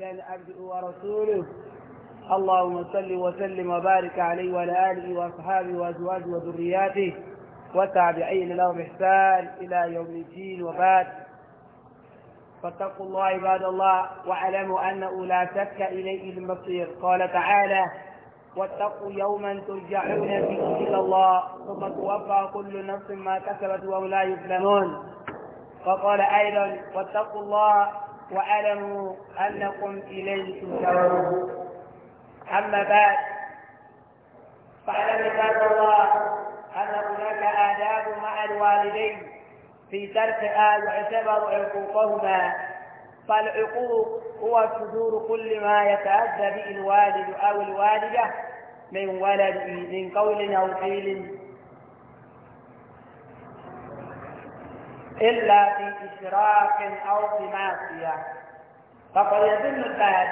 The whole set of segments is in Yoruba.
محمدا عبده ورسوله اللهم صل وسلم وبارك عليه وعلى آله وأصحابه وأزواجه وذرياته والتابعين لهم إحسان إلى يوم الدين وبعد فاتقوا الله عباد الله واعلموا أنه لا شك إليه المصير قال تعالى واتقوا يوما ترجعون فيه إلى الله ثم توفى كل نفس ما كسبت وهم لا يظلمون وقال أيضا واتقوا الله واعلموا انكم اليه تجرون اما بعد فاعلم عباد الله ان هناك اداب مع الوالدين في ترك ال يعتبر عقوقهما فالعقوق هو صدور كل ما يتأذى به الوالد أو الوالدة من ولده من قول أو فعل إلا في إشراك أو في معصية فقد يظن الناس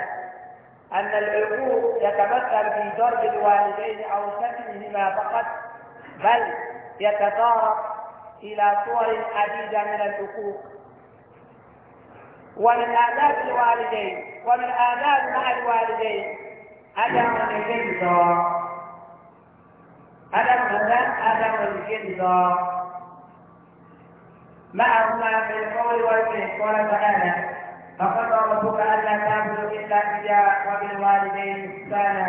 أن العقوق يتمثل في ضرب الوالدين أو شتمهما فقط بل يتطرق إلى صور عديدة من العقوق ومن آداب الوالدين ومن آداب مع الوالدين عدم الجنزة عدم الجنزة معهما في القول والفعل قال تعالى فقضى ربك الا تعبدوا الا اياه وبالوالدين احسانا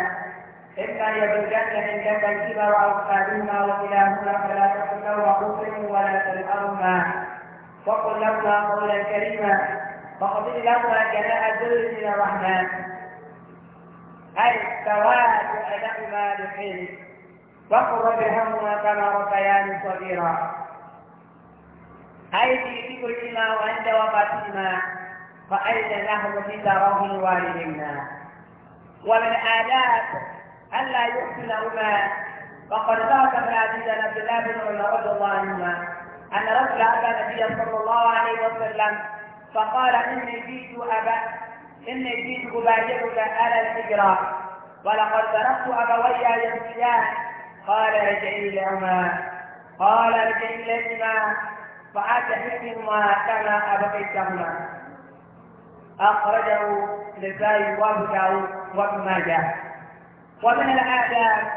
اما يبلغن جنب الكبر او احدهما وكلاهما فلا تقل لهما ولا تنهرهما وقل لهما قولا كريما فاقضي لهما جناح الذل من الرحمن اي سواد لهما بالحلم وقل ربهما كما ربياني صغيرا هذه ذكر كل وعند وفاتهما فأين نحن في تراهم والدنا ومن آداب ألا يحسنهما فقد ترك من حديث عبد الله بن عمر رضي الله عنهما أن رجل أتى النبي صلى الله عليه وسلم فقال إني جئت أبا إني جئت أبايعك على الهجرة ولقد تركت أبوي يمشيان قال ارجع إليهما قال ارجع إليهما فعاد حكما كما أبقيتهما أخرجه للباي وابو داود وابن ماجه ومن الآداب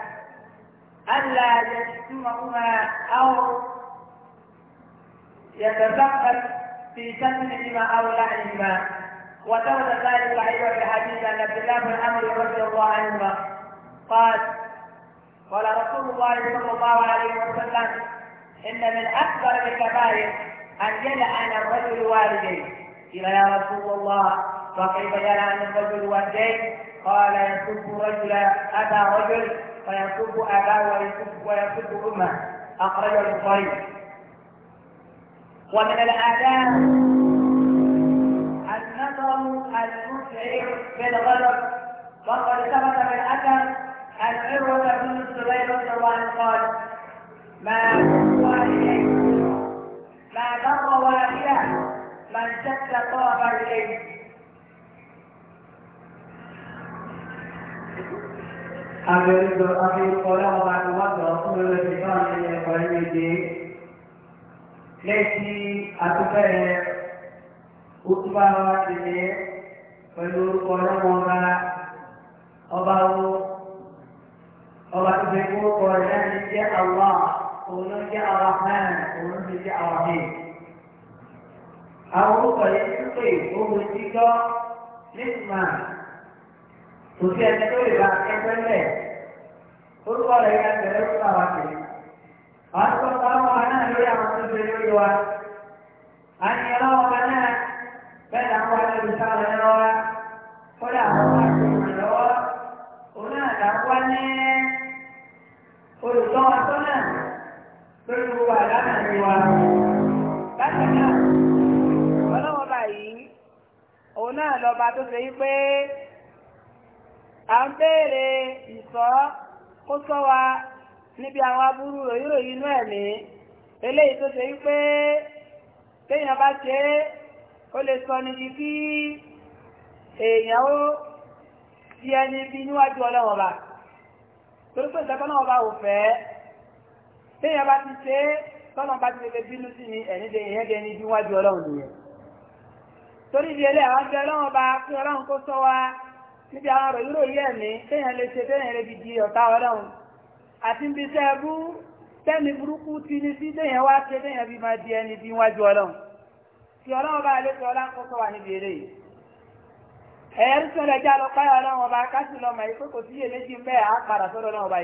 ألا يجتمعهما أو يتزقف في شتمهما أو لعنهما وثبت ذلك أيضا في حديث أن عبد الله بن عمر رضي الله عنهما قال قال رسول الله صلى الله عليه وسلم إن من أكبر الكبائر أن يلعن الرجل والديه قيل يا رسول الله وكيف يلعن الرجل والديه قال يسب رجلا أبا رجل فيسب أباه ويسب ويسب أمه أخرجه البخاري ومن الآداب النظر المسعر في الغدر وقد ثبت بالاثر ان العروة بن الزبير رضي الله عنه قال ما لا ضر واحدة من شك طلب إليه Agbẹ̀rẹ̀dọ̀ Abíkọ́lá ọba àtúwádọ̀ ọkùnrin lẹ́sìn náà ní ẹ̀kọ́ ẹ̀mẹ́dé lẹ́sí àtúbẹ̀rẹ̀ òtúbà wa ti ní pẹ̀lú orúkọ ọlọ́wọ́ ọba ọba wo ọba tó fi kúrúkọ rẹ̀ láti jẹ́ àwọn àwọn òun ló jẹ́ ara hàn òun ló jẹ́ ara hàn. àwọn orúkọ yẹn ń pè ohun tí gbọ́ nígbà kò sí ẹni tó lè ba ẹgbẹ́ lẹ̀ orúkọ rẹ̀ yẹn bẹ̀rẹ̀ fún àwọn àgbẹ̀. àwọn tó kọ́ ọmọ náà lórí àwọn tó ṣe lórí wa. àyìn ọlọ́wọ́ kan náà bẹ́ẹ̀ làwọn wà lórí sáré lọ́wọ́ kódà àwọn wà lórí lọ́wọ́ òun náà dàgbọ́ ní olùtọ́ wa lórí gbogbo àdáná ni wa. Bákan náà, ọlọ́wọ́ báyìí, òun náà lọ́ba tó ṣe yí pé à ń béèrè ìsọ́ kó sọ wa níbi àwọn aburú ròyìnròyìn inú ẹ̀mí eléyìí tó ṣe yí pé téèyàn bá ṣe é ó lè sọ níbi kí èèyàn ó di ẹni bí níwájú ọlọ́wọ́ bá torí pé ìjọba náà bá ò fẹ́ téèyàn bá ti ṣe é tọ́nà bá ti lè bínú sí ni ẹ̀ní de ìyẹn de ní bí wọ́n ju ọlọ́run nìyẹn torí ìdí ẹlẹ́ àwọn ọjọ́ ọlọ́run bá kí ọlọ́run kó sọ wa níbi àwọn ọ̀rọ̀ yúrò yẹ̀ mí téèyàn lè ṣe téèyàn lè fi di ọ̀tá ọlọ́run àti níbi iṣẹ́ ẹbú tẹ́mi burúkú ti ní sí téèyàn wá ṣe téèyàn fi máa di ẹni bí wọ́n ọlọ́run kí ọlọ́run bá lè fi ọlọ́run kó sọ wa níbi eré yìí ẹ̀yẹ́rú sọ̀rọ̀ ẹja lọ páyọ̀ ọlọ́run ọba kásìlọ́mọ yìí pé kò sí iyèméjì bẹ́ẹ̀ á padà sọ́dọ̀ ọlọ́run ọba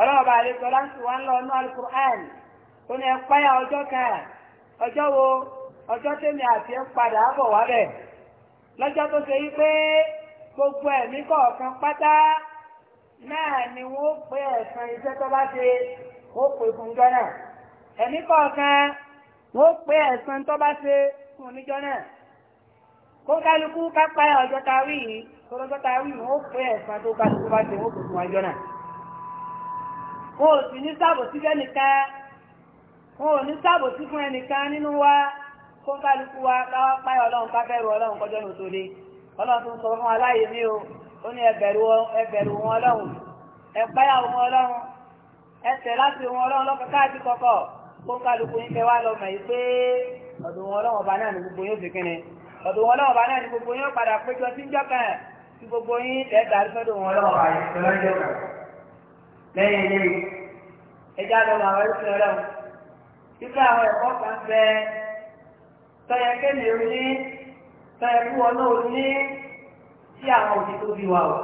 ọlọ́ọ̀bà àlejò láti wá ń lọ ọ̀nà alukur'an ó ní ẹ̀páyà ọjọ́ kan ọjọ́ wo ọjọ́ tèmi àti ẹ̀ padà bọ̀ wá lọ́jọ́ tó ṣe yí gbogbo ẹ̀mí kọ̀ọ̀kan pátá náà ni wọ́n pé ẹ̀san iṣẹ́ tó bá ṣe ó pè fún ìjọ náà ẹ̀mí kọ̀ọ̀kan wọ́n pé ẹ̀san tó bá ṣe fún oníjọ náà kó kálukú kápá ọjọ́ tawí yìí tó lọ́jọ́ tawí yìí wọ́n pé ẹ̀san tó bá ṣe wọ́n pè fún ìjọ náà. wọ́n ò sì ní sábò sí fẹ́nìkan ò ní sábò fún ẹnìkan nínú wa kó kálukú wa ọlọ́run ká bẹ̀rù ọlọ́run kọjọ́ ní òtòlé ọlọ́run tó ń sọ fún mí o ó ní ẹbẹ̀rù wọn ọlọ́run ẹsẹ̀ láti wọn ọlọ́run lẹ́yìn ilé ẹjá lọ́nà àwọn ẹ̀sìn ọlọ́run títí àwọn ẹ̀kọ́ kan bẹ tọ́yẹ kéde orí ní tọ́yẹ kú ọlọ́ orí ní tí àwọn òbí tó bí wa o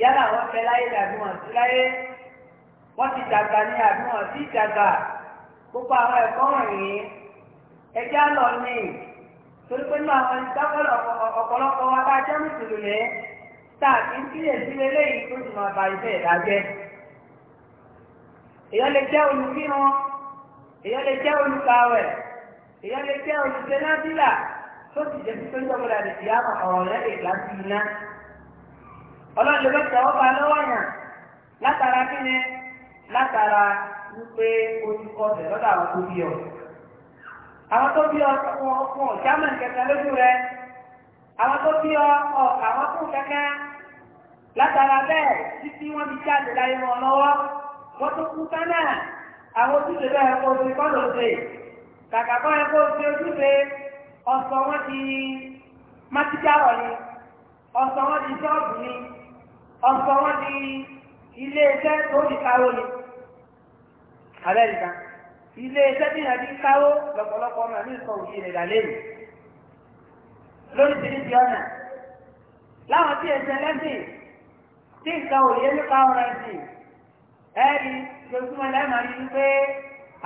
yálà wọn fẹ́ láyé tàbí wọn sí láyé wọn ti dàgbà ní àbí wọn sí dàgbà gbogbo àwọn ẹ̀kọ́ wọ̀nyí ẹjá lọ ní torí pé ní àwọn ìdákọ́lọ̀ ọ̀pọ̀lọpọ̀ wa bá jẹ́ mùsùlùmí tààtì sílẹ̀ sílẹ̀ lẹ́yìn tó ti máa ba iṣẹ́ ìdájẹ́. èèyàn lè jẹ́ olùkírun èèyàn lè jẹ́ olùkàwẹ̀ èèyàn lè jẹ́ olùsẹ́nábìlà tó ti jẹ́ pípé tó gbọdọ̀ lè fìyà mọ̀ ọ̀rọ̀ lẹ́yìn láti iná. ọlọ́run ló bẹ̀rẹ̀ ọba lọ́wọ́ yàn látara kíni látara wípé orúkọ ọ̀sẹ̀ lọ́dọ̀ àwọn tó bí ọ. àwọn tó bí ọ wọn ọkùnrin jámẹ̀ kẹta lójú rẹ àwọn tó bí ọ ọ àwọn fún kẹkẹ látara bẹ́ẹ̀ títí wọ́n fi jáde láyé wọn lọ́wọ́ wọ́n tó kú kánà àwọn ojúṣe bẹ́ẹ̀ kó ṣe kọ́lọ̀ ṣe kàkà kọ́ ẹ kó ṣe ojúṣe ọ̀sọ̀ wọn ti mátíjáwọ̀ ni ọ̀sọ̀ wọn ti ṣọ́ọ̀bù ni ọ̀sọ̀ wọn ti ilé iṣẹ́ tó ti káwó ni Amẹ́ríkà ilé iṣẹ́ tí ìrìn àti káwó lọ́pọ̀lọpọ̀ ọmọ mi sọ òjì rẹ̀ lálẹ́nu lórí ti ní ti ọ̀nà láwọn tí ẹ̀sẹ̀ lẹ́sìn tí nǹkan ò yé nípa ọ̀rọ̀ ẹ̀sìn ẹ̀rí lójúmọ́ lẹ́mọ̀ ní pé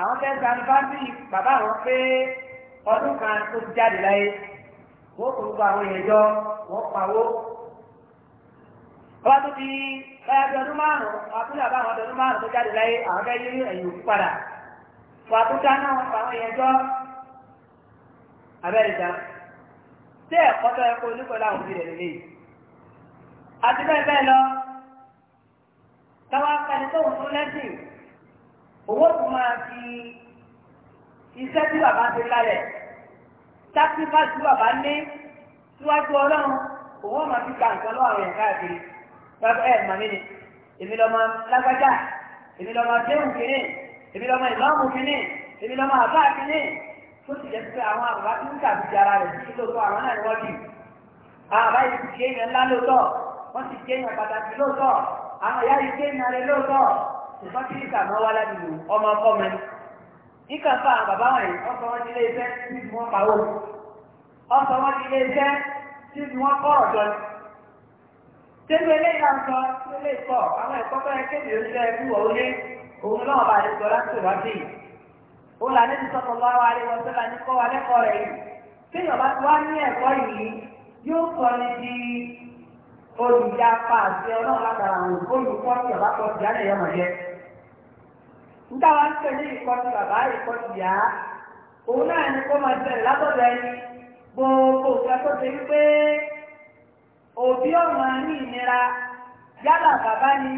àwọn fẹ́ gba bátìrì bàbá àwọn pé ọdún kan tó jáde láyé wọ́n kò àwọn èèyàn jọ wọ́n pawó. tó di báyà bí márùn-ún àbúrò àbá àwọn márùn-ún tó jáde láyé àwọn fẹ́ ẹ̀yìn òkú padà. dáná wọn pa àwọn èèyàn jọ abẹ́rẹ́ ìjà. tí ẹ̀kọ́ tó kó lọ táwa kẹni tó ń tún lẹ́sìn owó tó máa fi iṣẹ́ tí bàbá ti kalẹ̀ sákífà tí bàbá ní síwájú ọlọ́run owó máa fi ka nǹkan lọ́wọ́ àwọn ẹ̀ka àgbèrè pẹ́pẹ́ ẹ̀ màmí ni èmi lọ́mọ lágbájá èmi lọ́mọ déhùn kínní èmi lọ́mọ ìlọ́mù kínní èmi lọ́mọ àbá kínní tó ti jẹ́ pé àwọn àbá tó ń tàbí ara rẹ̀ sí lóòótọ́ àwọn náà ni wọ́n dì àwọn àbá yìí ti gé èèyàn ńlá lóòótọ́ wọ́n ti gé èèyàn pàtàkì lóòótọ́ àwọn ìyá yìí ké nàrẹ lóòótọ́ ṣùgbọ́n kí nìkan máa wá ládùúgbò ọmọ ọkọ mẹ nìkan bàbá wọn yìí ọkọ wọn nílé iṣẹ́ tí pàwọ́ ọkọ wọn nílé iṣẹ́ tí ìlú wọn kọ́ ọ̀dọ́ ni. tẹ́lẹ̀ lẹ́yìn àǹkọ́ lélẹ̀ kọ́ àwọn ẹ̀kọ́ bẹ́ẹ̀ kébìrì oṣù ẹ̀kú òye òun náà bá olùyà apá àti ọlọ́run látara àwọn olùkọ́ ti bàbá kọ́ ti yálẹ̀ yọmọ yẹ. níta wá ń tẹ̀lé ìkọ́ ti bàbá ìkọ́ ti yá òun náà ni kó máa látọ̀dọ̀ ẹni gbogbo tó ṣe wípé òbí ní ìnira yálà bàbá ni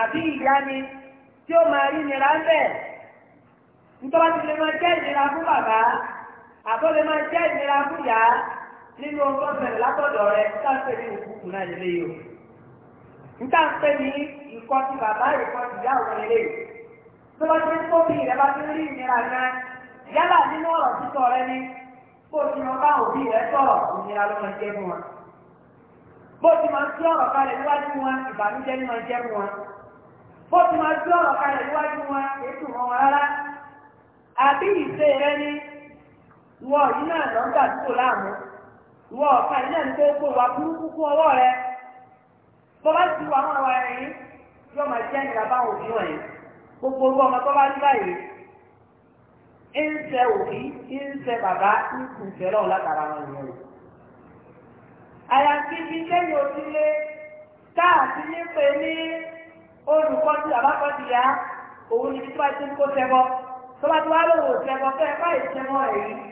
àbí ìyá ni tí ó máa rí ìnira ń bẹ̀. ti lè máa jẹ́ ìnira fún bàbá àbó lè máa jẹ́ ìnira fún nínú ọgbọ́n bẹ̀rẹ̀ látọ̀dọ̀ rẹ ní náà lè léyò ntáǹpẹ̀ ní ìkọ́ ti bàbá ìkọ́ ti yá òun lè léyò tó bá ti ń kó bí ìrẹ́ bá ti rí ìnira gan yálà nínú ọ̀rọ̀ rẹ ni bó ti bá òbí rẹ ti máa tú ọ̀rọ̀ kalẹ̀ náà ìwọ ọ̀ka yìí náà ní pé wà burúkú kún ọwọ́ rẹ bọ́lá ti wà wọn wà rẹ yóò máa jẹ́ ìlà báwọn òbí wọ̀nyí gbogbo owó ọmọ tó bá ní báyìí ń ṣe òbí ń ṣe bàbá ń kùn fẹ́ lọ́wọ́ látara wọn ìyẹn o. àyàfi ti kẹ́yìn òsínlé káàkiri ní pé ní olùkọ́ ti yá òun ni tí wọ́n ti ń kó sẹ́gbọ́ tó bá ti wá lówó sẹ́gbọ́ fẹ́ẹ́ báyìí sẹ́gbọ́ rẹ̀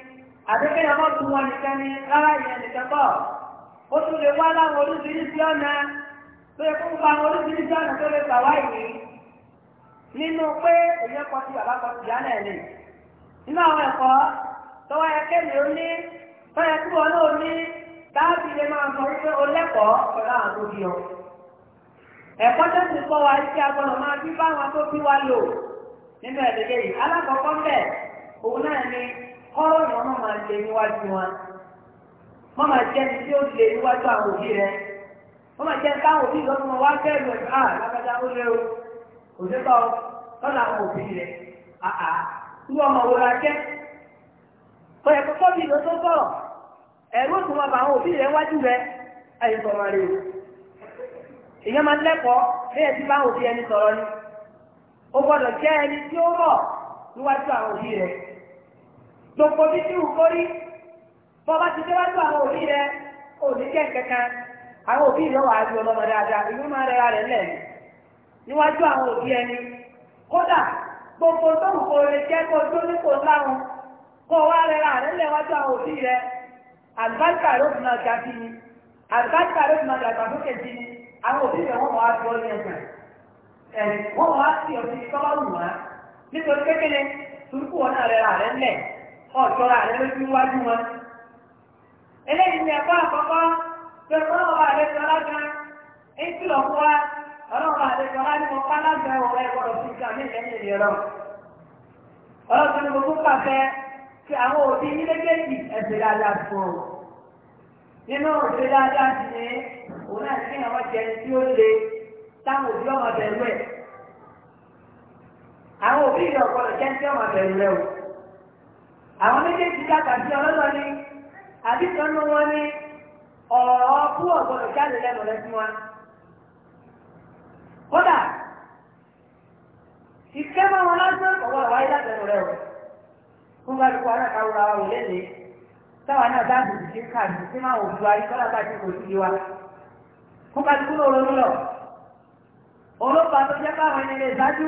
àdékẹ́ ọmọ tún wọn nìkan rárá ìyẹn nìkan ó tún lè wá láwọn ọ̀nà tó yẹ ọ̀nà tó lè gbà nínú pé kọ sí kọ sí ìyá náà ni nínú àwọn ẹ̀kọ́ tó wáyé kéde ó ní tó yẹ kí náà ní dáàbì lè máa sọ o lẹ́kọ̀ọ́ pẹ̀lú àwọn tó ọ. ẹ̀kọ́ tó ti kọ́ wa iṣẹ́ agbọ́dọ̀ máa tó kọ́rọ̀ yẹn wọ́n máa jẹ níwájú wọn wọ́n máa jẹ́ ní tí ó lè níwájú àwọn òbí rẹ wọ́n máa jẹ́ káwọn òbí lọ́dún wọn wá bẹ́ẹ̀rù ẹ̀ á lágbájá ó lé o òṣèlú lọ́nà àwọn òbí rẹ àà irú ọmọ wo la jẹ́ sọ̀rọ̀ o èèyàn máa lẹ́kọ̀ọ́ bẹ́ẹ̀ tí òbí ẹni sọ̀rọ̀ ni ó gbọ́dọ̀ jẹ́ ẹni tí ó rọ̀ níwájú àwọn òbí gbogbo bí tí wùkọ́ rí bọ́bá ti déwájú àwọn òbí rẹ òní jẹ́ kankan àwọn òbí rẹ wà á ju ọlọ́mọ dáadáa ìlú máa rẹra rẹ̀ lẹ̀ níwájú àwọn òbí ẹni kódà gbogbo tó wùkọ́ rẹ jẹ́ kó tó ní kó láwọn kó wá rẹra rẹ̀ lẹ̀ wájú àwọn òbí rẹ àlùbáríkà ló fi máa sí ni àlùbáríkà ló fi dàgbà lókè sí ni àwọn òbí rẹ wọ́n máa fi ọ́ ní ẹ̀sán ẹ̀ wọ́n máa wọn náà rẹra rẹ̀ lẹ̀ ọ̀ṣọ́ra rẹ lójú wájú wọn. eléyìí ni ẹ̀kọ́ àkọ́kọ́ tó ọlọ́run bá àlejò alága ń kìlọ̀ fún wa ọlọ́run bá àlejò alága mọ̀ pa alága ọ̀rọ̀ ẹ̀ gbọ́dọ̀ sí ìgbà ní ìlẹ́yìn ìlẹ̀ rọ. ọlọ́run ní gbogbo pàṣẹ kí àwọn òbí nílẹ́gẹ́jì ẹ̀sẹ̀ dáadáa fún ọ. nínú òṣèré dáadáa sì ni òun náà ní àwọn jẹ tí ó le táwọn òbí ọmọ bẹ̀rù ẹ̀. àwọn òbí ìlọ̀kọ̀lọ̀ jẹ́ tí ọmọ bẹ̀rù rẹ̀ o àwọn méjèèjì kàkà sí ọlọ́dọ̀ ni àdìsọ́nù wọn ni ọ̀rọ̀ kú ọ̀gbọ́dọ̀ jáde lẹ́nu rẹ̀ fún wa. kódà ìfẹ́ máa wọn lásán ọ̀wọ́ àwáyé látẹnu rẹ̀ o fún bá dúpọ̀ ara ká wúra wa wò lẹ́nu táwa náà bá dùn sí káàdì sí máa wò ju ayé kọ́lá bá ti kò sí wa fún bá dúpọ̀ lọ́wọ́ lọ́wọ́ olóòpá tó jẹ́ báwọn ẹni lè dájú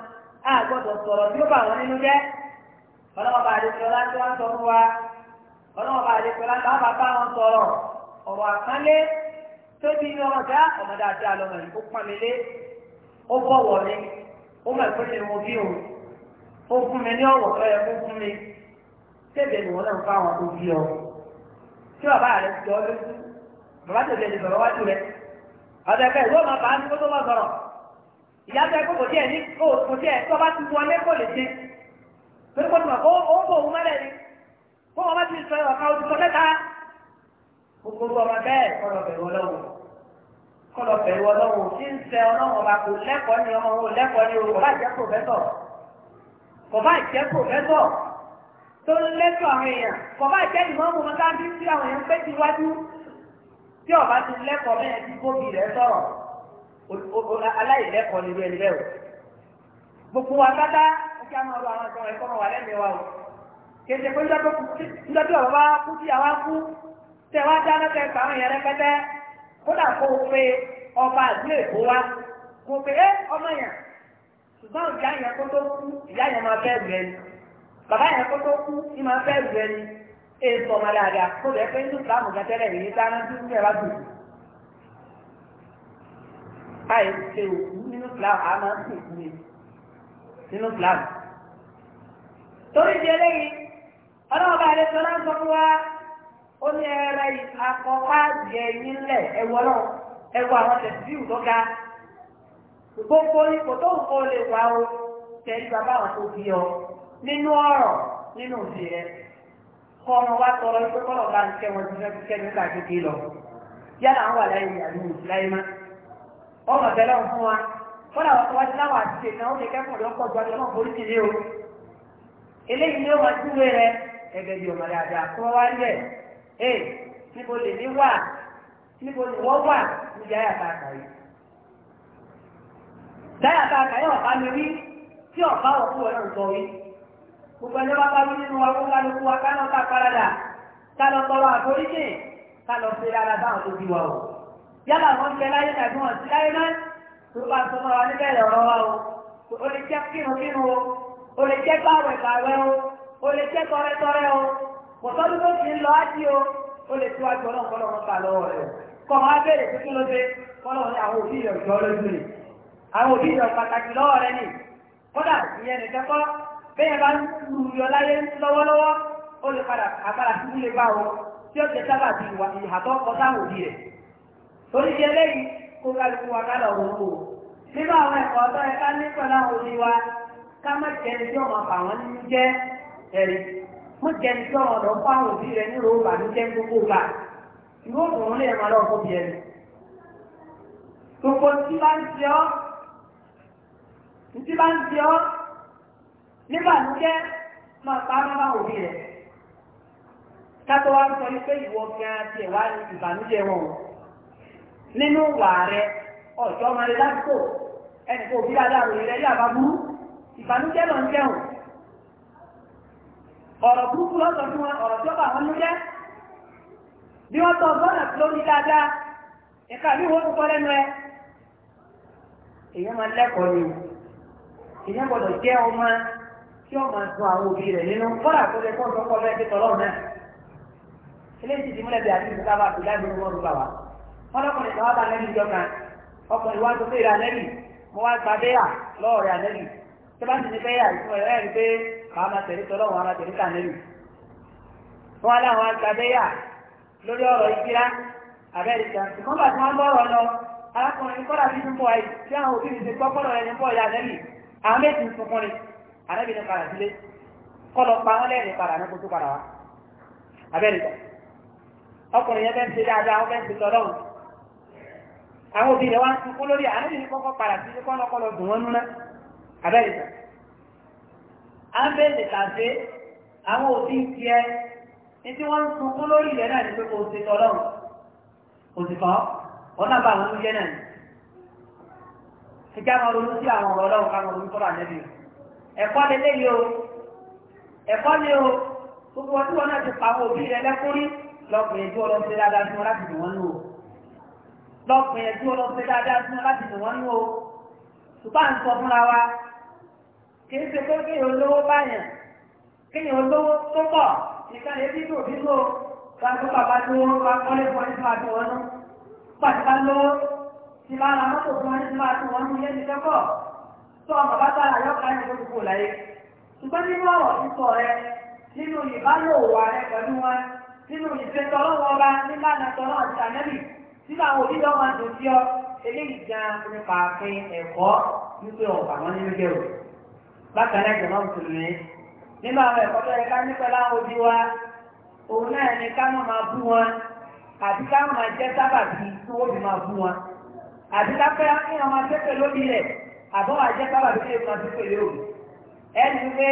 a gbọdọ sọrọ tí ó bá wọn nínú sọ fún wa ọlọ́mọba àdékọ́lá tí wọ́n bá bá wọn sọ̀rọ̀ ọ̀rọ̀ àkánlé tó bí inú ọmọ dá ọmọ dáadáa yìí ó pọ́n mi lé ó bọ̀wọ̀ mi ó mọ̀ ìpínlẹ̀ wọn bí òun ó fún mi ní ọ̀wọ̀ tó yẹ kó fún mi ni náà ọ tí bàbá ti jọ ọ lójú ìyájọ́ ẹgbẹ́ kò díẹ̀ ní kò díẹ̀ tó bá ti wọlé kò lè ṣe pé kó tuma ó ń bò òun mẹ́lẹ̀ ni kó wọn bá ti sọ ọ̀ka ojú sọ mẹ́ta gbogbo ọmọ bẹ́ẹ̀ kọ́lọ̀ bẹ̀rù bẹ̀rù ọlọ́wọ́ tí ń sẹ ọlọ́wọ́ ọba kò lẹ́kọ̀ọ́ ni ọmọ wọn lẹ́kọ̀ọ́ ni kò bá jẹ́ pòfẹ́sọ̀ kò kò bá jẹ́ ìmọ̀ọ́mù mọ́tá bí lẹ́kọ̀ọ́ aláìlẹ́kọ̀ọ́ nílé ẹni bẹ́ẹ̀ o gbogbo wa pátá kí a máa àwọn ẹ̀kọ́ wà wa o kéde pé nígbà tí ọ̀rọ̀ kú sí àwa kú tẹ wá dáná tẹ pa àwọn rẹpẹtẹ kódà kó o pe ọba àdúrà èkó wa kó o pe ọmọ yẹn ṣùgbọ́n ìyá yẹn kó tó kú ìyá yẹn máa fẹ́ ni bàbá yẹn kó tó kú máa fẹ́ ni èso kó pé àìsè òkú nínú islam a máa ń sìn òkú ni nínú islam. torí di eléyìí ọlọ́run bá lè sọ náà sọ fún wa ó ní ẹrẹ àkọ́kọ́ àjẹ yín lẹ̀ ẹ̀wọ̀ náà ẹ̀wọ̀ àwọn tẹ̀síwù tó ga gbogbo ipò tó ń kó lè wá o tẹ̀lé bàbá àwọn tó bí ọ nínú ọ̀rọ̀ nínú òbí rẹ kọ́ ọmọ wa tọrọ ikú kọ́lọ̀ bá ń kẹ́ wọn ti fẹ́ kẹ́ nígbà kékeré lọ yálà ń wà láyé ìyàwó láyé máa ọmọ bẹ̀rẹ̀ òun fún wa fọ́nà wọn wájú láwọn àti ìṣẹ̀lẹ̀ ó lè kẹ́kọ̀ọ́ lọ pọ̀ ju ọjọ́ náà ti lé o eléyìí ni ó máa júwe rẹ gẹ́gẹ́ bí ọmọ dáadáa kó wá ń bẹ̀ ẹ níbo lè ní wà níbo ni wọ́n wà níbi ayàtà àkàyè dáyàtà àkàyè ọ̀bá mi rí tí ọ̀bá òkú wọn náà sọ yìí gbogbo ẹni bá bá wí nínú wa kó kálukú wa ká lọ́ọ́ ká parada ká lọ́ọ́ tọrọ àforíjì ká lọ́ọ́ fi rárá báwọn tó bí wa o yálà wọn fẹ́ láyé tàbí wọn sí láyé náà tó bá sọ máa wà níbẹ̀ lọ́rọ́ wa o ó lè jẹ́ kírun o ó lè jẹ́ báwẹ̀ báwẹ̀ o ó lè jẹ́ tọrẹtọrẹ o kò sọ́dún tó ti ń lọ á di o ó lè tí wàá jọ náà kọ́lọ́ wọn kà lọ́wọ́ rẹ o kọ́ máa bẹ̀rẹ̀ tó kí ló dé kọ́lọ́ wọn ni àwọn òbí rẹ̀ jọ lójú rẹ̀ àwọn òbí rẹ̀ pàtàkì lọ́wọ́ rẹ ni kódà ìyẹn nìkan kọ́ bẹ́ẹ̀ bá ń lùyọ láyé lọ́wọ́lọ́wọ́ ó lè padà àgbàrá sí ilé bá wọn tí ó ti sábà di ìwà ìhàtọ́ kọ sáwọn òbí rẹ̀ torí di eléyìí kó kálukú wa ká lọ wò ó nínú àwọn ẹ̀kọ́ ọ̀tọ́ ẹ̀ká ní pẹ̀lú àwọn òní wa ká má jẹni tí ọmọ àpà wọn nínú jẹ́ ẹ̀rí má jẹni tí ọmọ ọ̀dọ̀ fún àwọn òbí rẹ nínú òbá ní jẹ́ gbogbo gbà ìwé òkùnrin lè máa lọ́ọ̀ fóbi ẹ̀rí. gbogbo tí bá ń ṣe ọ́ tí bá ń ṣe ọ́ nígbà tó jẹ́ máa pa á máa òbí rẹ̀ ká nínú wà rẹ ọjọ́ ọmọ rẹ lásìkò ẹnì kò bí dáadáa rò rẹ yàrá burú ìbànújẹ́ lọ ń jẹun ọ̀rọ̀ burúkú lọ́sọ̀ fún wọn ọ̀rọ̀ tí ó bà wọ́n ló jẹ́ bí wọ́n tọ́ bọ́ọ̀nà tó ní dáadáa ẹ̀ka bí wọ́n kọ́kọ́ lẹ́nu ẹ èèyàn máa lẹ́kọ̀ọ́ ni èèyàn gbọ́dọ̀ jẹ́ ọmọ tí ó máa sun àwọn òbí rẹ̀ nínú kọ́dà tó lè kọ́ ọ̀dọ́kọ́ lẹ́ẹ̀kẹ́ tọ́lọ́ náà eléyìí ti di múlẹ̀ bí àti ìfúkàbà tó ọlọ́kùnrin kan wá bá lẹ́nu ìjọ kan ọkùnrin wá tó fèrè àlẹ́lì mo wá gba béyà lọ́ọ̀rẹ́ àlẹ́lì tó bá ti ní béyà ìfún ẹ̀rọ ẹ̀rí pé màá máa tẹ̀lé tọ́lọ́wọ́ ara tẹ̀lé tà lẹ́lì. wọ́n aláwọ̀ á gba béyà lórí ọ̀rọ̀ ìkírá abẹ́rẹ́ ìjà ṣùgbọ́n bàtí wọ́n bọ́ ọ̀rọ̀ lọ arákùnrin kọ́lá bí fún bọ́ọ̀ tí àwọn òbí mi ti gbọ́ kọ́lọ̀ ẹni bọ́ọ̀ ya lẹ́lì àwọn méjì ń sunkún ni àlẹ́bí ni padà sílé kọ́lọ̀ pa wọ́n lẹ́ẹ̀ni padà ní kótó padà wá abẹ́rẹ́ ìjà ọkùnrin yẹn fẹ́ ṣe dáadáa ó fẹ́ ṣe tọ́lọ́run àwọn òbí rẹ̀ wá ń sunkún lórí àárín ní kọ́kọ́ padà sí ní kọ́nà kọ́nà dùn wọ́n núná abẹ́rẹ́ sọ. abẹ́rẹ́ kàfé àwọn òbí ti ẹ ní tí wọ́n ń sunkún lórí rẹ̀ náà ní pé kò sí tọ́lọ́run kò sì kàn ọ́ náà bá àwọn oúnjẹ náà ní. ìjà máa ronú sí àwọn ọ̀rọ̀ ọlọ́run káwọn orúkọ rà nẹ́bí o. ẹ̀kọ́ lé lé o ẹ̀kọ́ lé o gbogbo wọn tí wọn náà ti pa àwọn òbí rẹ̀ lẹ́kúnrí lọ́kùnrin tí wọn lọ lọ́pìn ẹ̀jú ọlọ́pẹ́ dáadáa fún láti nù wọ́n nú o ṣùgbọ́n ń sọ fúnra wa kìí ṣe pé kéèyàn olówó báyàn olówó tó pọ̀ bí lò wọ́n bá kọ́lé fún ẹni tó wọ́n nú bá ra mọ́tò fún ẹni tó wọ́n nú ní kẹ́kọ̀ọ́ tó ọmọ bá sára ní gbogbo láyé nínú àwọn òbí máa dùn sí ọ eléyìí gan ẹ̀kọ́ wípé ọ̀pá wọn nínú bákan náà nínú àwọn ẹ̀kọ́ tó yẹ ká òbí wa òun náà ni ká máa bú wọn ká jẹ́ wọ́n fi máa bú wọn ká fẹ́ kí wọn máa tẹ́tẹ̀ rẹ̀ àbọ̀ jẹ́ pèlè ẹni pé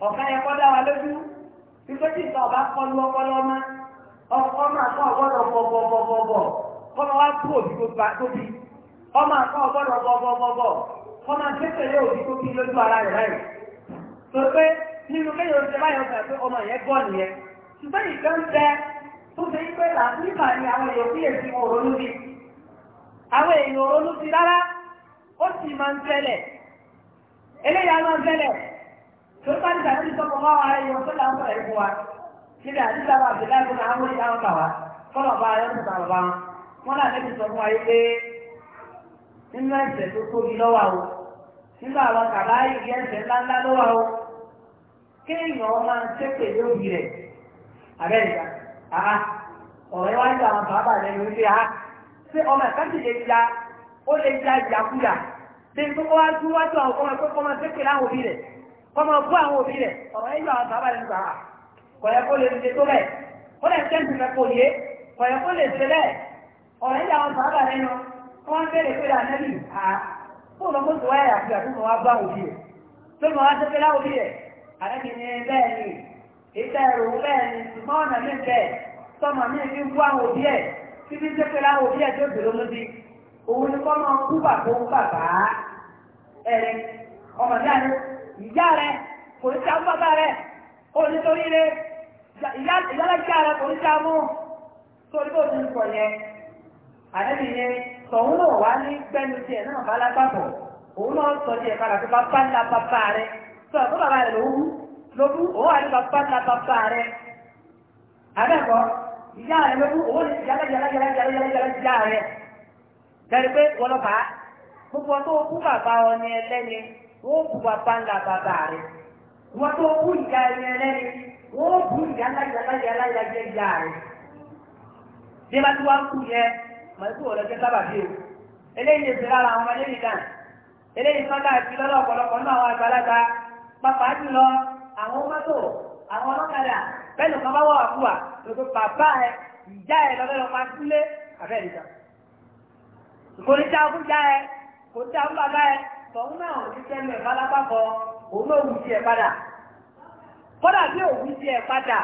kọ́ dá wa lójú wípé tí kọ́mọ wá kú òbí tó gba tó bí ọmọ àkọ́ ọgọ́rọ̀ bọ́bọ́bọ́bọ́ kọ́mọ gbẹ́sẹ̀lé òbí tó bí lójú ara rẹ̀ láì. sọ pé nínú kéèyàn ṣe báyọ̀ gbà pé ọmọ yẹn gbọ́ nìyẹn ṣùgbọ́n ìgbẹ́ ń bẹ tó ṣe pé nígbà ni àwọn èèyàn kí èsì wọn ronú bí àwọn èèyàn ronú bí rárá ó sì máa ń tẹ́lẹ̀ eléyàá máa ń tẹ́lẹ̀ tó bá nígbà tó sọ́kọ̀ máa wà ẹ̀yọ̀ tó là ń sọ̀rọ̀ ẹ̀kọ́ wa níbi àdìsábà àbẹ̀lẹ́ àgbọ̀n àwọn ìyá wọn kà wá kọ́nà bá ayọ́ tó ta bàbá wọn wọ́n náà lẹ́bi sọ fún wa yìí pé nínú ẹ̀ṣẹ̀ tó tóbi lọ́wọ́ àwọn nínú àwọn kàbá ìrí ẹ̀ṣẹ̀ ńláńlá lọ́wọ́ àwọn kéèyàn máa ń ṣépè lóbi rẹ̀ àbẹ́ẹ̀dá àá ọ̀rẹ́ wá ń gba àwọn bàbá rẹ̀ lórí pé àá ṣé ọmọ ẹ̀ka sì lè ya ó lè ya ìyàkúyà ṣé tó kọ́ wá tún wájú àwọn ọmọ ẹ̀kọ́ máa ṣépè láwọn òbí rẹ̀ kọ́ máa àwọn òbí rẹ̀ ọ̀rọ̀ ẹ̀yọ àwọn bàbá rẹ̀ gbà ọ̀rẹ́ ní àwọn sàábà lẹ́nu wọ́n ń bèèrè pé à fóònù ọmọ tó wáyà àti àtúntò wa bá òbí rẹ̀ tó mọ̀ wá sẹ́fẹ́ láwọ́ bí rẹ̀ àrẹ́bí bẹ́ẹ̀ ni ìta bẹ́ẹ̀ ni ṣùgbọ́n ọ̀nà bẹ́ẹ̀ tọmọ fi ń àwọn òbí ẹ̀ tí òbí ẹ̀ tó òun ni kọ́mọ kú bàbá òun bàbá ẹ̀rẹ́ ọmọ ìyá kò ní àdẹ́bí yẹn tọ̀hún náà wá ní gbẹ́nu tiẹ̀ náà bá lápapọ̀ òun náà sọ tó bá bá ńlá bàbá àbúrò bàbá òun àti bàbá ńlá bàbá ìyá òun ní yálàyálàyálàyálàyálà rẹ dẹ́rẹ́ pé wọ́n lọ bá gbogbo tó kú bàbá ẹlẹ́ni kú bàbá ńlá bàbá wọ́n tó kú ìyá ẹni ẹlẹ́ni kú mọ̀lẹ́kù ọ̀rọ̀ jẹ́ sábà bí o eléyìí èsì lára àwọn ọmọlẹ́yìn kan eléyìí sọ́dà ti lọ́dọ̀ ọ̀pọ̀lọpọ̀ àwọn àgbàlagbà pàpà jùlọ àwọn mọ́tò àwọn ọlọ́kadà bẹ́ẹ̀ ló bá wọ̀ àkúwà lóko ẹ̀ ìjà ẹ̀ lọ́dọ̀ àbẹ́ kò ní kò ní tọ̀hún náà ò ní ẹ̀ òun náà ẹ̀ padà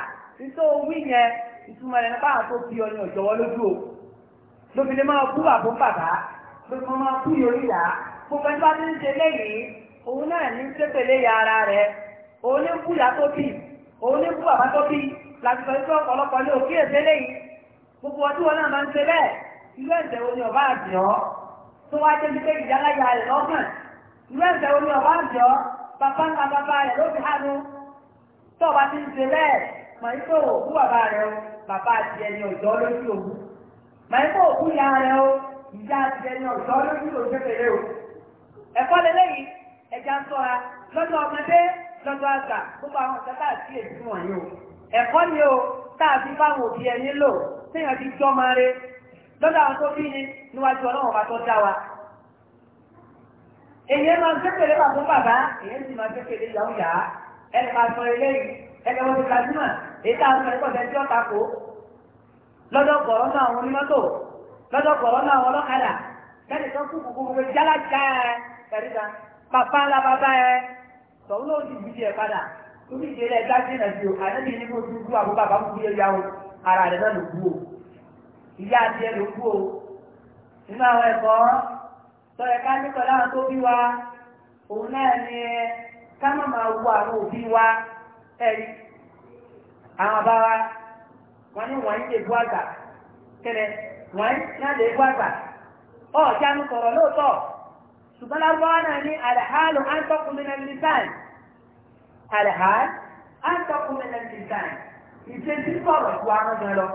kódà lóbi lè máa kú àbó bàbá lóbi lè máa kú yòóyì yá gbogbo ẹni bá ti ń ṣe òun náà ní ya ara rẹ òun ní kú ya tó òun ní kú tó láti sọ ọ̀pọ̀lọpọ̀ ní òkè gbogbo wọn náà máa ń ṣe bẹ́ẹ̀ ẹ̀ṣẹ̀ wo ni ọba àjọ tó wá jẹ́ bí pé ìyálàyà rẹ̀ lọ́gàn ẹ̀ṣẹ̀ wo ni ọba àjọ bàbá ńlá bàbá rẹ̀ ló fi ọba ti ń màá kó òkú ya rẹ o ìjà àtijọ́ ni ọ̀ṣọ́ lójú kò ṣe fèrè o ẹ̀kọ́ ẹja ń sọ́ra lọ́dọ̀ ọmọdé lọ́dọ̀ àgbà gbogbo àwọn ọ̀sẹ̀ tá à sí èsì wọ̀nyí o ẹ̀kọ́ ni o tá a fi fáwọn òbí ẹ nílò téèyàn ti jọ́ máa re àwọn tó bí ni níwájú bá tó wa èyí máa ń wà fún bàbá èyí sì máa ẹni máa sọ lọ́dọ̀ pọ̀rọ́ náà àwọn onímọ́tò lọ́dọ̀ pọ̀rọ́ náà tó kú kúkú gbogbo ẹ kẹrìndà bàbá ńlá ẹ tọ̀hún ló ti gbìyànjú ẹ padà ìdílé ẹ dájú ìrìn àjò àdébí ní kó dúdú bàbá kú o ara rẹ náà ló kú o ìyá àti ló kú o nínú àwọn ẹ̀kọ́ tọ́yẹ ká ní tó bí wa òun náà ni ká má wọ́n ní wọ́n ń lè àgbà kẹlẹ̀ wọ́n ń lè bú àgbà ọ̀ jánu sọ̀rọ̀ lóòótọ́ ṣùgbọ́n lárúbáwá náà ní àlàhálù á ń tọ́kùn mi lẹ́nu lìsàn àlàhálù á ń tọ́kùn mi lẹ́nu ìṣe tí sọ̀rọ̀ àwọn lọ.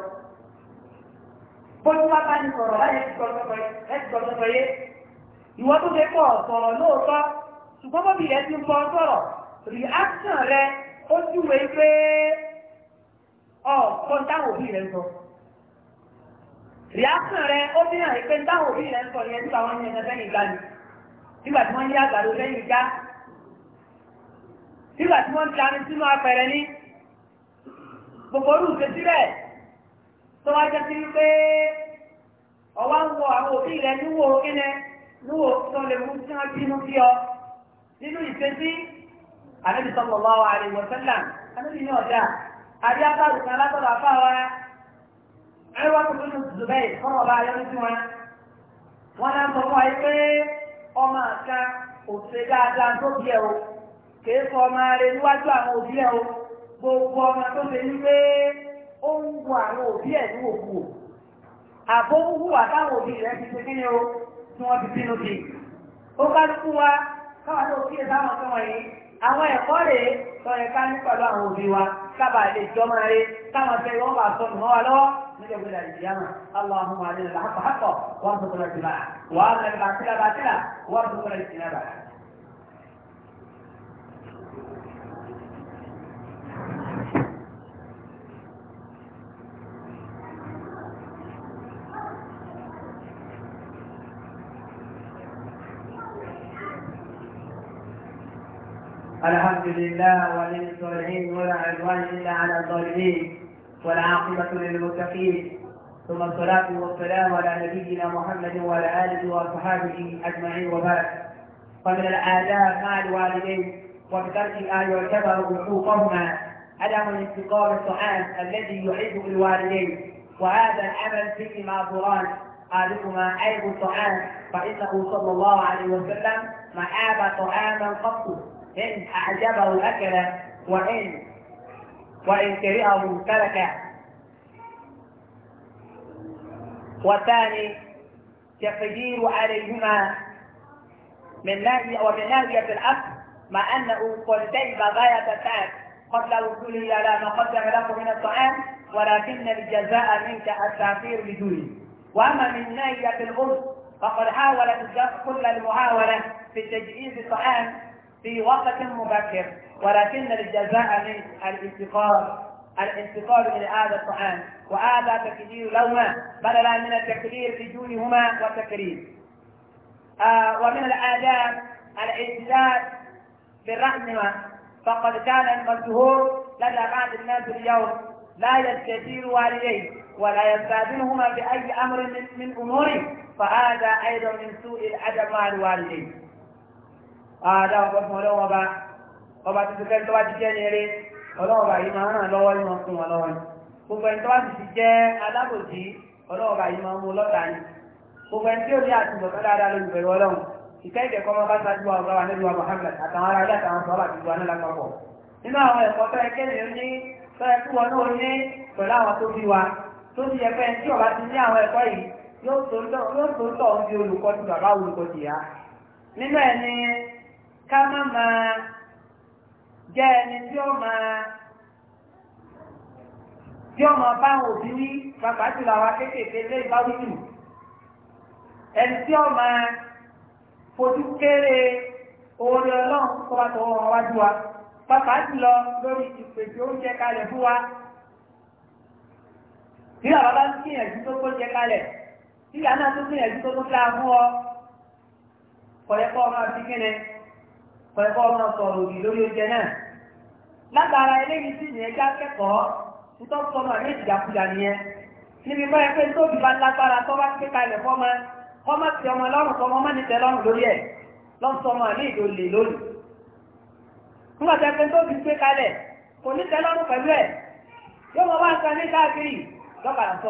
ọ̀pọ̀ táwọn òbí rẹ̀ ń sọ. Rìásùn rẹ̀ ó ní àrí pé táwọn òbí rẹ̀ ń sọ yẹn nípa wọn ní ẹ̀sẹ̀ lẹ́yìn ìgbà ni. Nígbà tí wọ́n yí àgbàdo lẹ́yìn ìgbà. Nígbà tí wọ́n ń tani sínú apẹ̀rẹ̀ ní. Gbogbo orú ìfẹ́sílẹ̀ tó wá jẹ́ sí pé ọwá ń wọ àwọn òbí rẹ̀ níwò kíni níwò tó lè mú sí wọn bínú sí ọ. Nínú ìfẹ́sí, àlejò sọ́mọ̀ lọ́wọ́ àrèwọ̀ sẹ́lá, àlejò ní ọ̀dà àbí afárù kan látọ̀dọ̀ afáwa ẹwà tó tó zùbẹ́ ìfọ̀rọ̀ bá yọrí sí wọn. wọ́n náà sọ fún wa pé ọmọ kan kò ṣe dáadáa tó bí ẹ o kìí sọ ọmọ rẹ níwájú àwọn òbí ẹ o gbogbo ọmọ tó ṣe ní pé ó ń wo àwọn òbí ẹ ní òkú o àbó wúwà táwọn òbí rẹ ti ṣe kí ni o tí wọ́n ti bínú bí. ó bá kú wa káwọn tó kíyè sáwọn tó wọ̀nyí àwọn ẹ̀kọ́ rèé lọ́yẹ̀ká ní pẹ̀lú àwọn òbí wa. كما للجمع كما في وضع صنع ولو نجب إلى الجمع اللهم علينا الحق حقه وارزقنا اتباعه وارزقنا الباطل باطلا وارزقنا اجتنابه الحمد لله ولي ولا عدوان إلا على الظالمين والعاقبة للمتقين ثم الصلاة والسلام على نبينا محمد وعلى آله وصحابه أجمعين وبارك فمن الآداب مع الوالدين وبترك الاهل والكبر حقوقهما عدم الانتقام الطعام الذي يحب الوالدين وهذا العمل فيه معذوران احدكما عيب الطعام فانه صلى الله عليه وسلم ما ابى طعاما قط إن أعجبه أكل وإن وإن كرهه ترك وثاني تقدير عليهما من ناحية ومن ناحية الأصل مع أنه قد تعب غاية التعب قبل وصوله إلى ما قدم له من الطعام ولكن الجزاء منك التأثير بدونه وأما من ناحية الأرض فقد حاولت كل المحاولة في تجهيز الطعام في وقت مبكر ولكن الجزاء من الانتقال الانتقال من هذا الطعام وهذا تكدير لهما بدلا من التكرير بدونهما وتكرير آه ومن الآداب الاعتزال بالرحمة فقد كان المشهور لدى بعض الناس اليوم لا يستجير والديه ولا يستاذنهما بأي أمر من, من أموره فهذا أيضا من سوء الأدب مع الوالدين Ada, ọgbẹ́ fún ọba ọba tuntun kẹ́lẹ́ tó bá ti jẹ́ ní eré yìí máa ràn lọ́wọ́ ní wọn fún wọn lọ́wọ́ ni gbogbo ẹni tó bá ti ti jẹ́ alábòjì ọlọ́wọ́n yìí máa mú lọ́ta gbogbo ẹni tí ó ní àtúntò dáadáa lórí ìbẹ̀rù ọlọ́run ìkẹ́ ká má máa jẹ́ ẹni tí ó máa tí ó máa bá àwọn òbí wí pàápàá jùlọ àwa kéékèèké lé ìbáwí jù ẹni tí ó máa fojú kéré oore ọlọ́run tó bá tọwọ́ wọn wájú wa pàápàá jùlọ lórí ìpèsè oúnjẹ kalẹ̀ fún wa bí àwọn bá ń gbìyànjú tó kó jẹ kalẹ̀ bí àwọn náà tó gbìyànjú tó tó fún ọ kọ̀lẹ́kọ̀ máa fi kéde pẹ̀lú ọmọ sọ̀rọ̀ òdì lórí oúnjẹ náà látara eléyìí sì ní ẹjá kẹ́kọ̀ọ́ nítorí sọmọ ní ìjàkújà nìyẹn níbi báyìí pé tóbi bá lágbára tó bá ké kalẹ̀ fọ́mọ fọ́mọ ti ọmọ lọ́rùn fọ́mọ mọ́ni tẹ lọ́rùn lórí ẹ̀ lọ́sọmọ ní ìdòlè lónìí nígbà tẹ́ pé tóbi ké kalẹ̀ kò ní tẹ lọ́rùn pẹ̀lú ẹ̀ yóò mọ bá ń sọ ní káàkiri lọ́kàrà sọ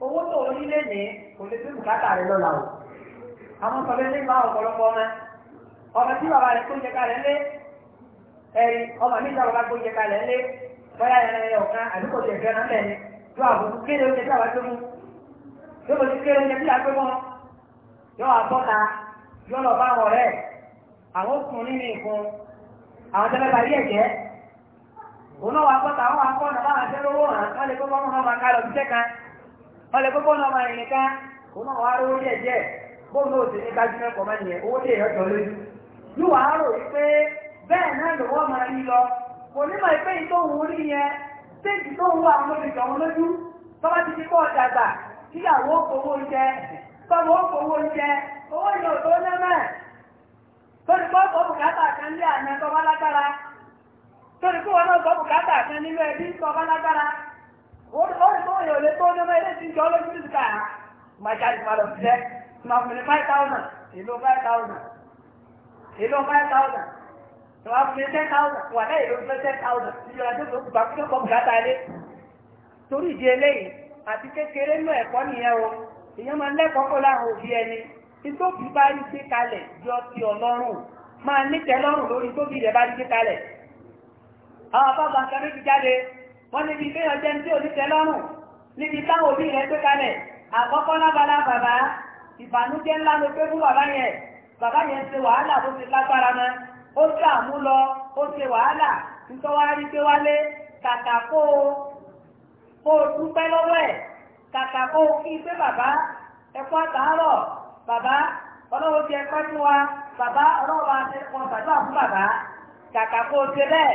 owó tó orí lè kò lè o àwọn sọ lé nípa ọ̀pọ̀lọpọ̀ ọmọ ọmọ tí bàbá rẹ gbóúnjẹ kalẹ̀ lé ẹ̀rí ọmọ mi sábà gbóúnjẹ kalẹ̀ lé bọ́yá ẹ̀rẹ́ ọ̀kan àdúgbò tẹ̀ fẹ́ náà lẹ́ni tó àbùkù kéde oúnjẹ tí àwa gbé mú yóò ti kéde oúnjẹ tí a gbé mú yóò wá bọ́ta yóò lọ bá wọn rẹ̀ àwọn nínú ìfun àwọn tẹ́lẹ̀ òun náà wà àwọn ọlẹ gbogbo ọ̀nà ọmọ ẹ̀yìn ká òun náà wà á rówó díẹ̀ díẹ̀ bóun ní kájú mẹ́kọ̀ọ́ máa nìyẹn owó díẹ̀ yọjọ́ lójú yóò wà rò wípé bẹ́ẹ̀ náà máa ń lọ kò ní mọ̀ ìpé yẹn tó àwọn lójú ti fi kíyàwó owó oúnjẹ oúnjẹ owó Lórí tó yàn lè tó nígbà ilé tí ń jọ lójú ní ìsìká yà. Má jáde má lọ sí jẹ́. Má fún mi five thousand. Èlò five thousand. Èlò five thousand. Ìwà fún mi ten thousand. Wà náà èlò fún mi ten thousand. Ìjọba tó tó gbà fún ọkọ̀ bùkátà ilé. Torí ìdí o. Èèyàn máa lẹ́kọ̀ọ́ kó láwọn ike ẹni. Ìtòkì bá rí wọ́n níbi pé ọjẹ́ tí ò ní tẹ́lọ́rùn níbi táwọn òbí rẹ̀ gbé kalẹ̀ àkọ́kọ́ lábala bàbá ìbànújẹ́ ńlá ló pé fún bàbá yẹn bàbá yẹn ṣe wàhálà bó ti lágbára mọ́ ó dààmú lọ ó ṣe wàhálà nítorí pé wálé kàkà kó o kó o dúpẹ́ lọ́wọ́ ẹ̀ kàkà kó o kí pé bàbá ẹ̀kọ́ àtàárọ̀ bàbá ọlọ́wọ́ ti ẹ̀kọ́ fún wa bàbá ọlọ́wọ́ àti ẹ̀kọ́ bàbá fún bàbá kàkà kó o ṣe bẹ́ẹ̀.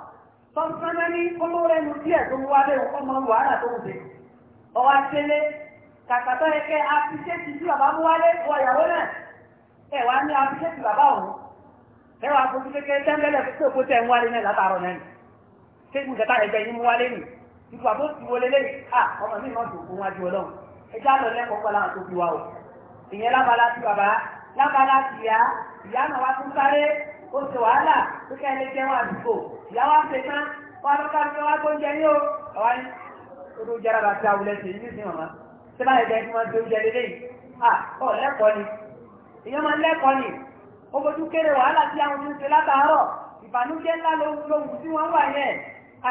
tọ́sánná ní olóore nu díẹ̀ tó wá lé ọkọ mọ wàhálà tó ń bẹ ọwọ́ àtẹlé kàkàtọ́ yẹ kẹ́ afiṣẹ́tì tí bàbá mú wálé wọ ìyàwó náà ẹ wá ní afiṣẹ́tì bàbá òun ẹ wá fojú kékeré tẹ́ńbẹ́lẹ̀ fún pé òkú tẹ̀ ń wálé náà látàárọ̀ náà nì ṣé nǹkan ẹgbẹ́ yín mú wálé nì ìgbà tó ti wọlé lẹ́yìn à ọmọ mi náà dùn fún wájú ọlọ́run ẹ já lọ lẹ́kọ̀ọ́ pọ̀ oṣù wàhálà kíkẹ́ ẹni jẹun àdúgbò ìyàwó àfẹ́ká wọn ló kárí pé wọn kó ń jẹ ní o ọwọ́ ní odò jẹ́ rárá tí awulẹ̀ ṣe yìí sí màmá ṣé báyìí jẹ́ kí wọ́n ti oúnjẹ lélẹ̀ yìí à ọ lẹ́kọ̀ọ́ ni èèyàn máa lẹ́kọ̀ọ́ ni ó fojú kéré wàhálà tí àwọn oṣù ṣe látàárọ̀ ìbànújẹ́ ńlá lóhun tí wọ́n wà yẹn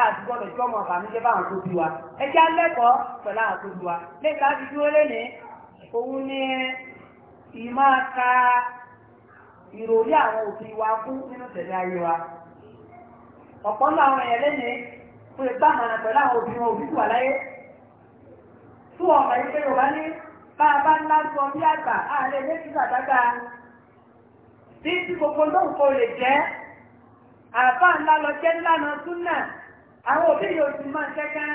àtìgbọ́dọ̀ tí ọmọ àbànújẹ́ báwọn tó bí wa ẹjẹ́ alẹ́kọ̀ọ́ pẹ̀lú àwọn tó bí wa lẹ́gbàá ti dúró lẹ́nìí òun ni ìmáa ka ìròrí àwọn òfin wa fún nínú tẹ̀lé ayé wa ọ̀pọ̀ ní àwọn èèyàn lẹ́nìí fún ipá àmàlà pẹ̀lú àwọn òfin wọn òbí wà láyé tí wọn ìpé yorùbá ní bá a bá ńlá sọ bí àgbà ààrẹ ilé tí sàdágà tí tí gbogbo lè jẹ́ àbá ńlá lọ jẹ́ ńlá náà àwọn òbí yóò ti máa kẹ́kẹ́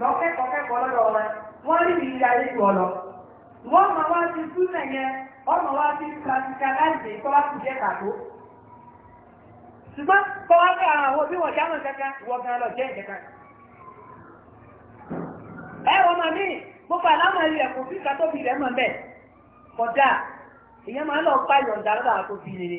lọ kẹ́kọ̀ọ́ kẹ́kọ̀ọ́ lọ́dọ̀ wọn ọmọ wa ti kàkà láìsí tó wá kù díẹ̀ kàtó ṣùgbọ́n tó wá bẹ́ àwọn òbí wọ̀n jámọ̀ kankan ìwọ gan lọ jẹ́ ìjẹta ẹ wọ́n máa ní gbogbo àlámọ̀ ẹ̀rí ẹ̀kọ́ sí rẹ̀ mọ̀ bẹ́ẹ̀ kọjá máa ń lọ pa ìyọ̀ǹda lọ́dọ̀ àwọn tó fi rere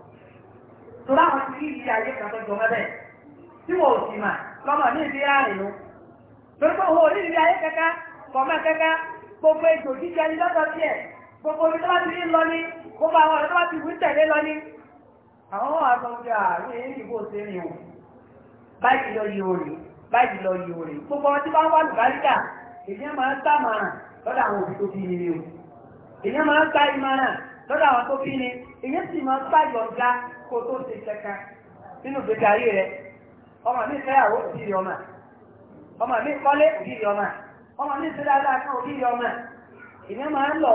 tó láwọn ti rí ilé ayé kan tó jọmọ́ bẹ́ẹ̀ tí wọ́n ò sì mà lọ́mọ ní ìdí torí pé òun ò ní ayé kankan kọ̀ọ̀mọ́ kankan gbogbo ètò jíjẹ ní lọ́dọ̀ tiẹ̀ gbogbo omi tó bá ti rí lọ ní gbogbo àwọn ọ̀rẹ́ tó bá ti wí tẹ̀lé lọ ní. lọ yìí rè lọ yìí rè gbogbo bá lùbáríkà èyí máa ń èyí sì máa ń gbàyọ̀ǹda kó tó ṣe kankan nínú gbèsè ayé rẹ̀ ọmọ mi fẹ́yàwó òbíri ọmọ ọmọ mi kọ́lé òbíri ọmọ ọmọ mi ṣe dáadáa kan òbíri ọmọ ìyẹn máa ń lọ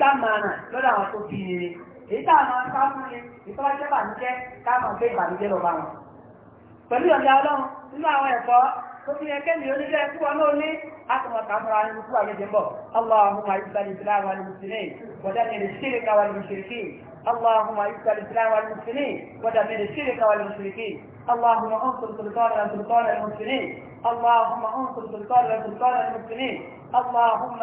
dámàrà lọ́dọ̀ àwọn tó bí ni èyí tá a máa ń sá fún ni ìtọ́jẹ́ bànújẹ́ ká máa fẹ́ ìbànújẹ́ lọ́ba wọn. pẹ̀lú ọ̀dà ọlọ́run nínú àwọn ẹ̀kọ́ وفي كلمة لله سوى مولي حكم وتعبر عن المسوى من جنبه اللهم اعز الاسلام والمسلمين ودمر الشرك والمشركين اللهم اعز الاسلام والمسلمين ودمر الشرك والمشركين اللهم انصر سلطان سلطان المسلمين اللهم انصر سلطان سلطان المسلمين اللهم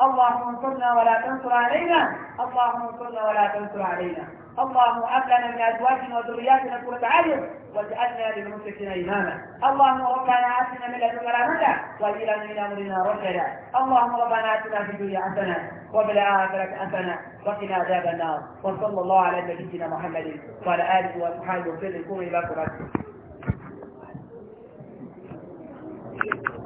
اللهم انصرنا ولا تنصر علينا اللهم انصرنا ولا تنصر علينا اللهم هب لنا من ازواجنا وذرياتنا قرة اعين واجعلنا للمتقين اماما اللهم ربنا اتنا من لدنك رحمه واجعلنا من امرنا رشدا اللهم ربنا اتنا في الدنيا حسنه وفي الاخره حسنه وقنا عذاب النار وصلى الله على نبينا محمد وعلى اله وصحبه وسلم الى قراتكم Thank you.